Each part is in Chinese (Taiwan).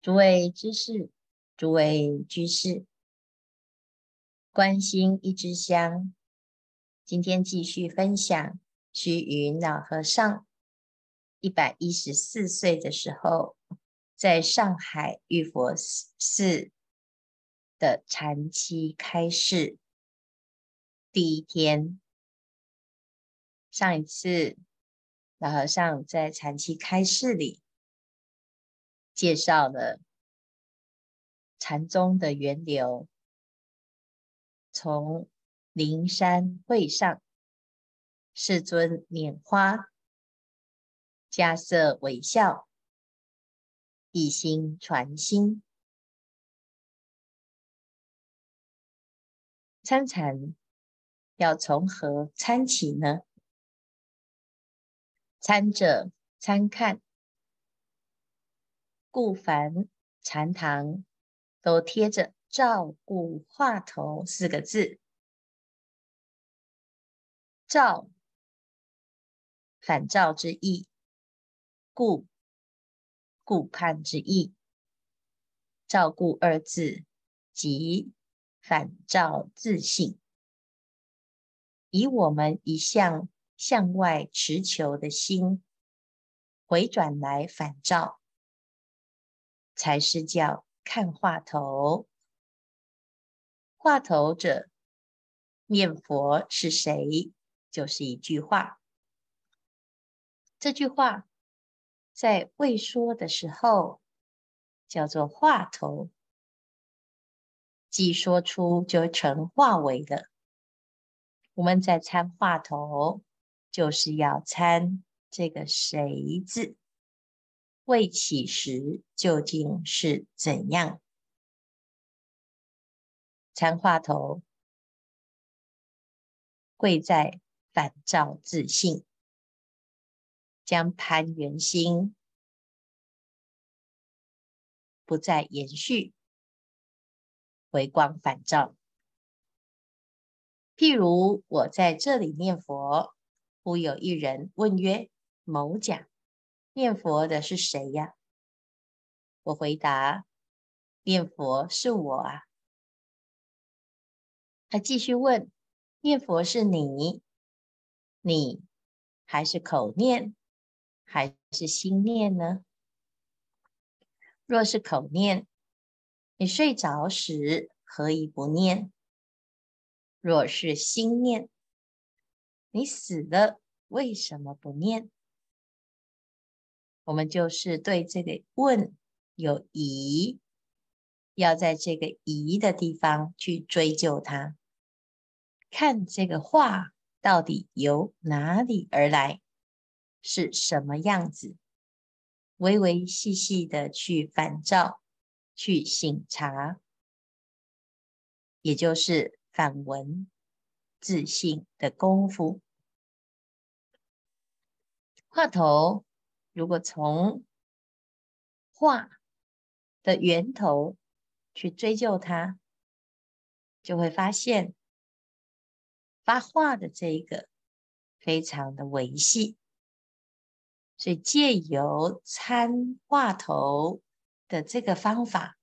諸位知識，諸位居士，觀心一支香。今天繼續分享虛雲老和尚一百一十四歲的時候，在上海玉佛寺的禪七開示。第一天，上一次老和尚在禪七開示裡。介紹了禪宗的源流，從靈山會上，世尊拈花，迦葉微笑，一心傳心。參禪要從何參起呢？參者參看。故凡禪堂都貼着“照顧話頭”四個字，照反照之意，顧顧盼之意，照顧二字即反照自性。以我們一向向外持求的心，回轉來反照。才是叫看話頭。話頭者，念佛是誰，就是一句話。這句話在未說的時候，叫做話頭；既說出，就成話尾了。我們在參話頭，就是要參這個誰字。未起時究竟是怎樣？參話頭，貴在反照自性，將攀緣心不再延續，回光返照。譬如我在這裡念佛，忽有一人問曰：“某甲。”念佛的是誰呀、啊？我回答：“念佛是我啊。”他繼續問：“念佛是你，你還是口念還是心念呢？若是口念，你睡着時何以不念？若是心念，你死了為什麼不念？”我們就是對這個問有疑，要在這個疑的地方去追究它，看這個話到底由哪裡而來，是什麼樣子，微微細細的去反照、去省察，也就是反聞自性的功夫。話頭。如果從話的源頭去追究它，就會發現發話的這一個非常的維繫，所以借由參話頭的這個方法，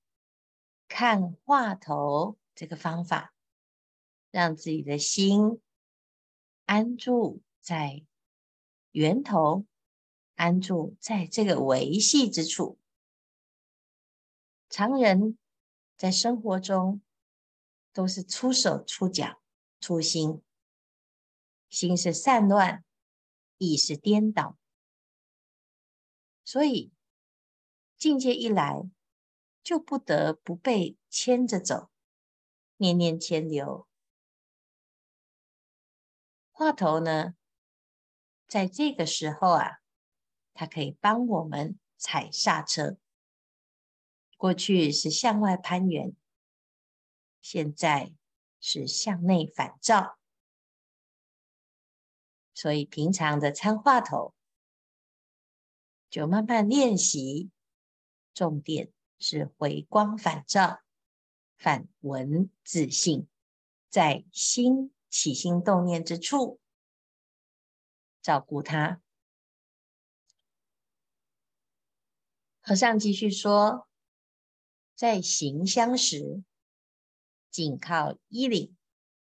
看話頭這個方法，讓自己的心安住在源頭。安住在這個維繫之處，常人在生活中都是出手出腳出心，心是散亂，意是顛倒，所以境界一來，就不得不被牽着走，念念遷流，話頭呢，在這個時候啊，它可以幫我們踩剎車。過去是向外攀援，現在是向內反照。所以平常的參話頭，就慢慢練習，重點是回光返照、反聞自性，在心起心動念之處照顧他。和尚繼續說：“在行香時，緊靠衣領，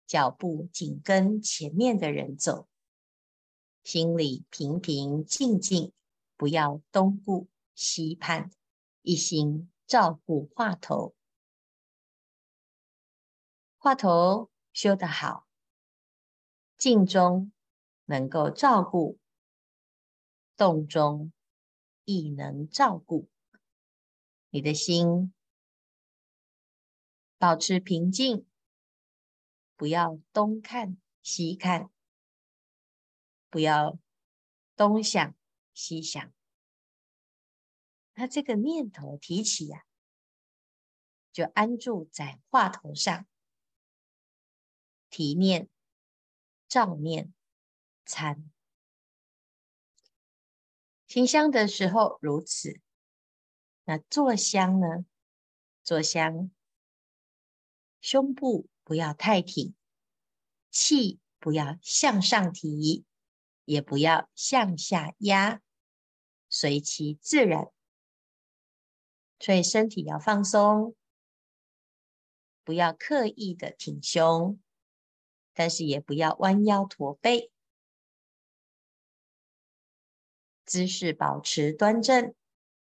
腳步緊跟前面的人走，心裡平平靜靜，不要東顧西盼，一心照顧話頭。話頭修得好，靜中能夠照顧，動中。”亦能照顧你的心，保持平靜，不要東看西看，不要東想西想。那這個念頭提起呀、啊，就安住在話頭上，提念、照念、參行香的時候如此，那坐香呢？坐香，胸部不要太挺，氣不要向上提，也不要向下壓，隨其自然。所以身體要放鬆，不要刻意的挺胸，但是也不要彎腰駝背。姿勢保持端正，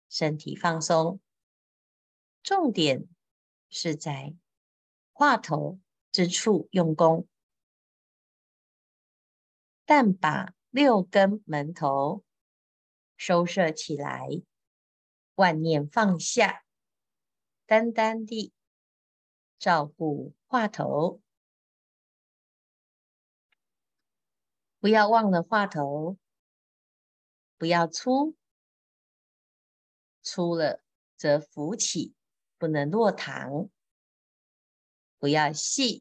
身體放鬆，重點是在話頭之處用功，但把六根門頭收攝起來，萬念放下，單單地照顧話頭，不要忘了話頭。不要粗，粗了則浮起，不能落堂；不要細，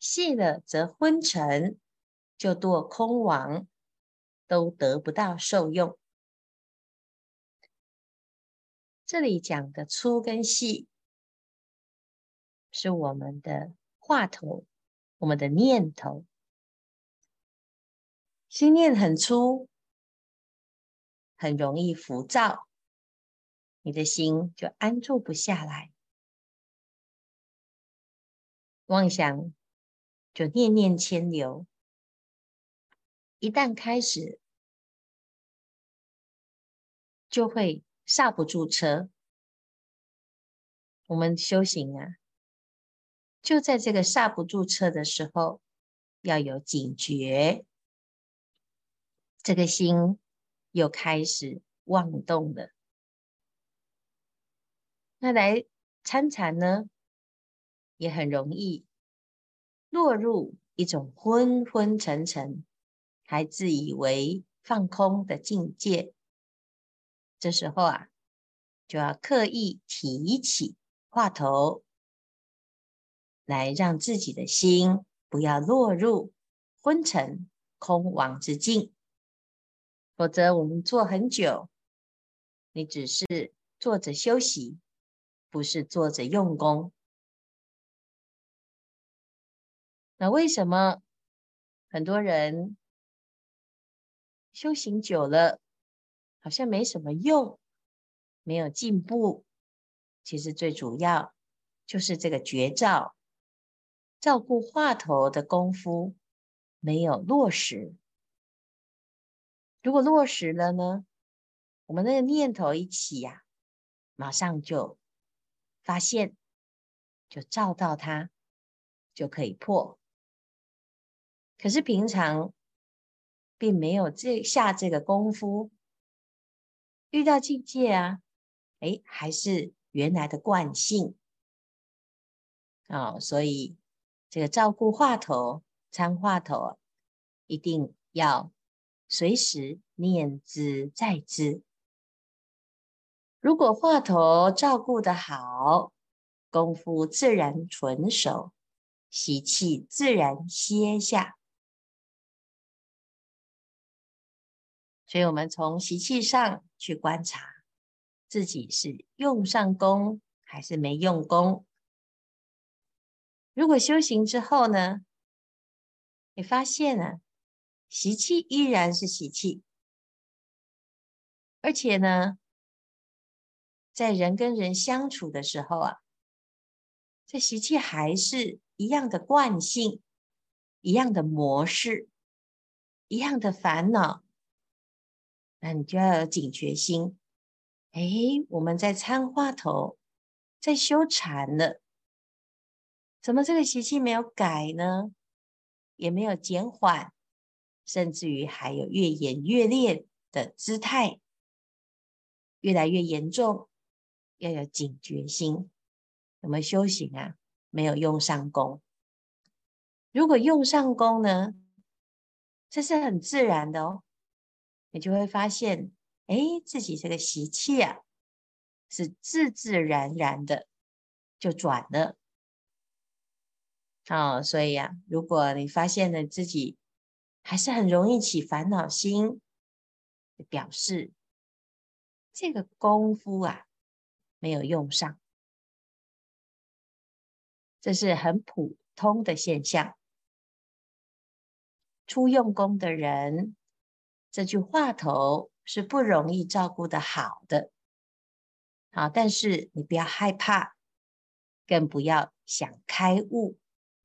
細了則昏沉，就墮空亡，都得不到受用。這裡講的粗跟細，是我們的話頭，我們的念頭，心念很粗。很容易浮躁，你的心就安住不下來，妄想，就念念遷流，一旦開始就會剎不住車。我們修行啊，就在這個剎不住車的時候，要有警覺，這個心。又開始妄動了，那來參禪呢，也很容易落入一種昏昏沉沉，還自以為放空的境界。這時候啊，就要刻意提起話頭，來讓自己的心不要落入昏沉空亡之境。否則，我們坐很久，你只是坐着休息，不是坐着用功。那為什麼很多人修行久了，好像沒什麼用，沒有進步？其實最主要就是這個絕招——照顧話頭的功夫沒有落實。如果落實了呢，我們那個念頭一起呀、啊，馬上就發現，就照到它，就可以破。可是平常並沒有這下這個功夫，遇到境界啊，哎，還是原來的慣性啊、哦，所以這個照顧話頭、參話頭，一定要。隨時念茲在茲，如果話頭照顧得好，功夫自然純熟，習氣自然歇下。所以，我們從習氣上去觀察自己是用上功還是沒用功。如果修行之後呢，你發現呢、啊？習氣依然是習氣，而且呢，在人跟人相處的時候啊，這習氣還是一樣的慣性，一樣的模式，一樣的煩惱。那你就要有警覺心。誒、哎，我們在參話頭，在修禪呢。怎麼這個習氣沒有改呢？也沒有減緩？甚至於還有越演越烈的姿態越來越嚴重，要有警覺心。怎麼修行啊？沒有用上功。如果用上功呢？這是很自然的哦。你就會發現，哎，自己這個習氣啊，是自自然然的就轉了。哦，所以啊，如果你發現了自己，還是很容易起煩惱心，表示這個功夫啊，沒有用上，這是很普通的現象。初用功的人，這句話頭是不容易照顧得好的。好、啊，但是你不要害怕，更不要想開悟，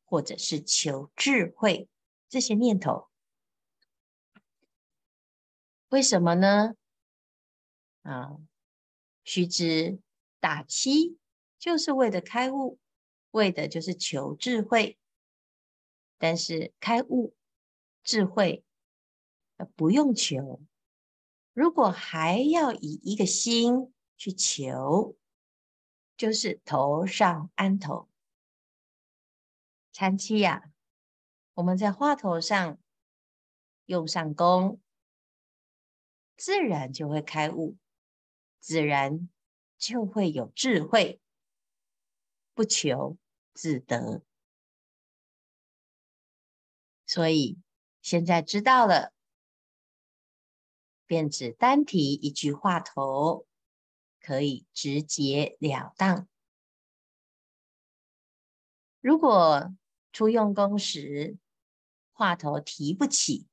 或者是求智慧這些念頭。為什麼呢？啊，須知打七就是為了開悟，為的就是求智慧。但是開悟、智慧，呃，不用求。如果還要以一個心去求，就是頭上安頭。參七呀，我們在話頭上用上功，自然就會開悟，自然就會有智慧，不求自得。所以現在知道了，便只單提一句話頭，可以直截了當。如果初用功時，話頭提不起，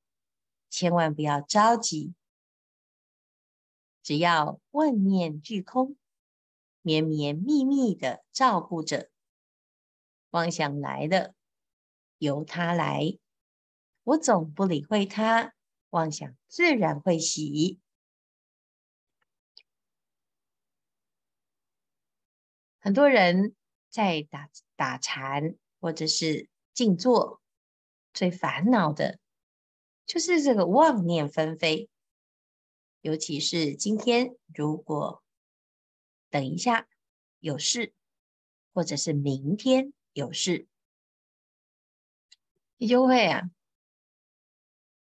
千萬不要着急。只要萬念俱空，綿綿密密的照顧着，妄想來了，由他來，我總不理會他，妄想自然會息。很多人在打打禪或者是靜坐，最煩惱的就是這個妄念紛飛。尤其是今天，如果等一下有事，或者是明天有事，你就會啊，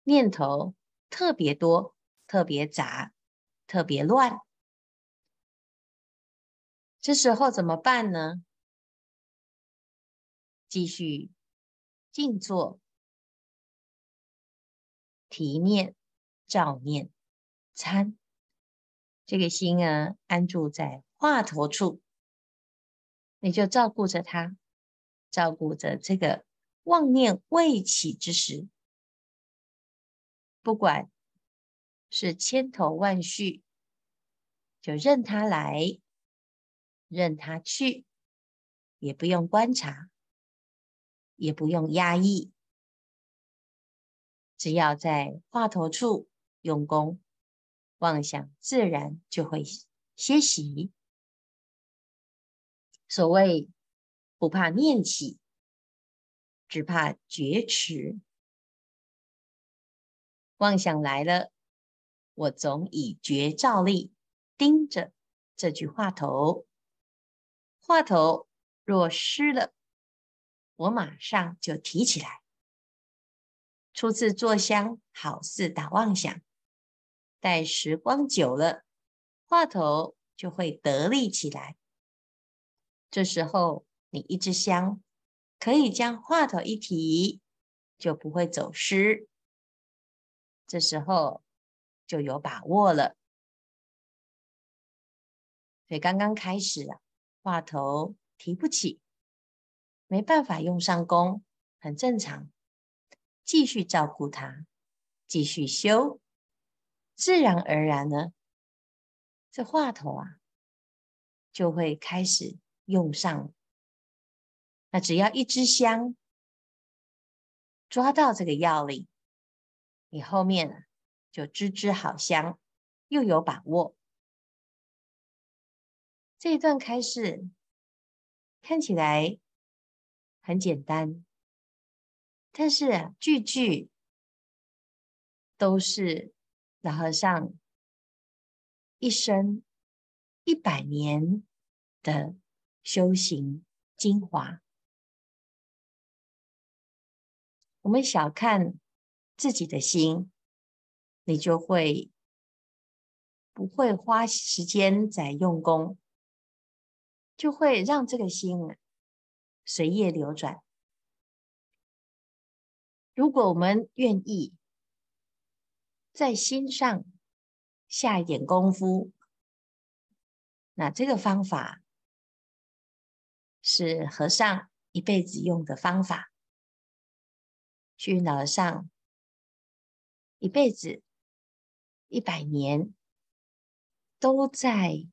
念頭特別多、特別雜、特別亂，這時候怎麼辦呢？繼續靜坐，提念、照念。參這個心啊，安住在話頭處，你就照顧着它，照顧着這個妄念未起之時，不管是千頭萬緒，就任它來，任它去，也不用觀察，也不用壓抑，只要在話頭處用功。妄想自然就會歇息。所謂不怕念起，只怕覺遲。妄想來了，我總以覺照力盯着這句話頭。話頭若失了，我馬上就提起來。初次坐香，好似打妄想。在時光久了，話頭就會得力起來。這時候，你一支香可以將話頭一提，就不會走失。這時候就有把握了。所以剛剛開始啊，話頭提不起，沒辦法用上功，很正常。繼續照顧它，繼續修。自然而然呢，這話頭啊，就會開始用上了。那只要一支香，抓到這個要領，你後面就支支好香，又有把握。這一段開示，看起來很簡單，但是啊，句句都是。老和尚一生一百年的修行精華，我們小看自己的心，你就會不會花時間在用功，就會讓這個心隨業流轉。如果我們願意。在心上下一點功夫，那這個方法是和尚一輩子用的方法，虛雲老和尚一輩子一百年都在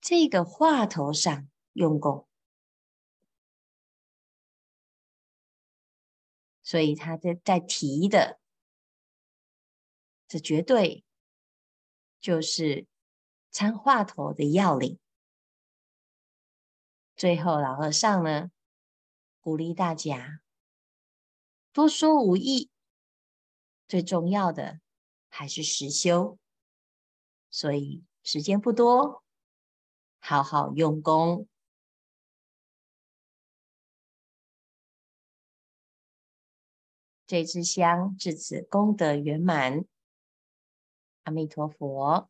這個話頭上用功，所以他在在提的。這絕對就是參話頭的要領。最後老和尚呢，老和尚呢鼓勵大家多說無益，最重要的還是實修。所以時間不多，好好用功。這支香至此功德圓滿。阿彌陀佛。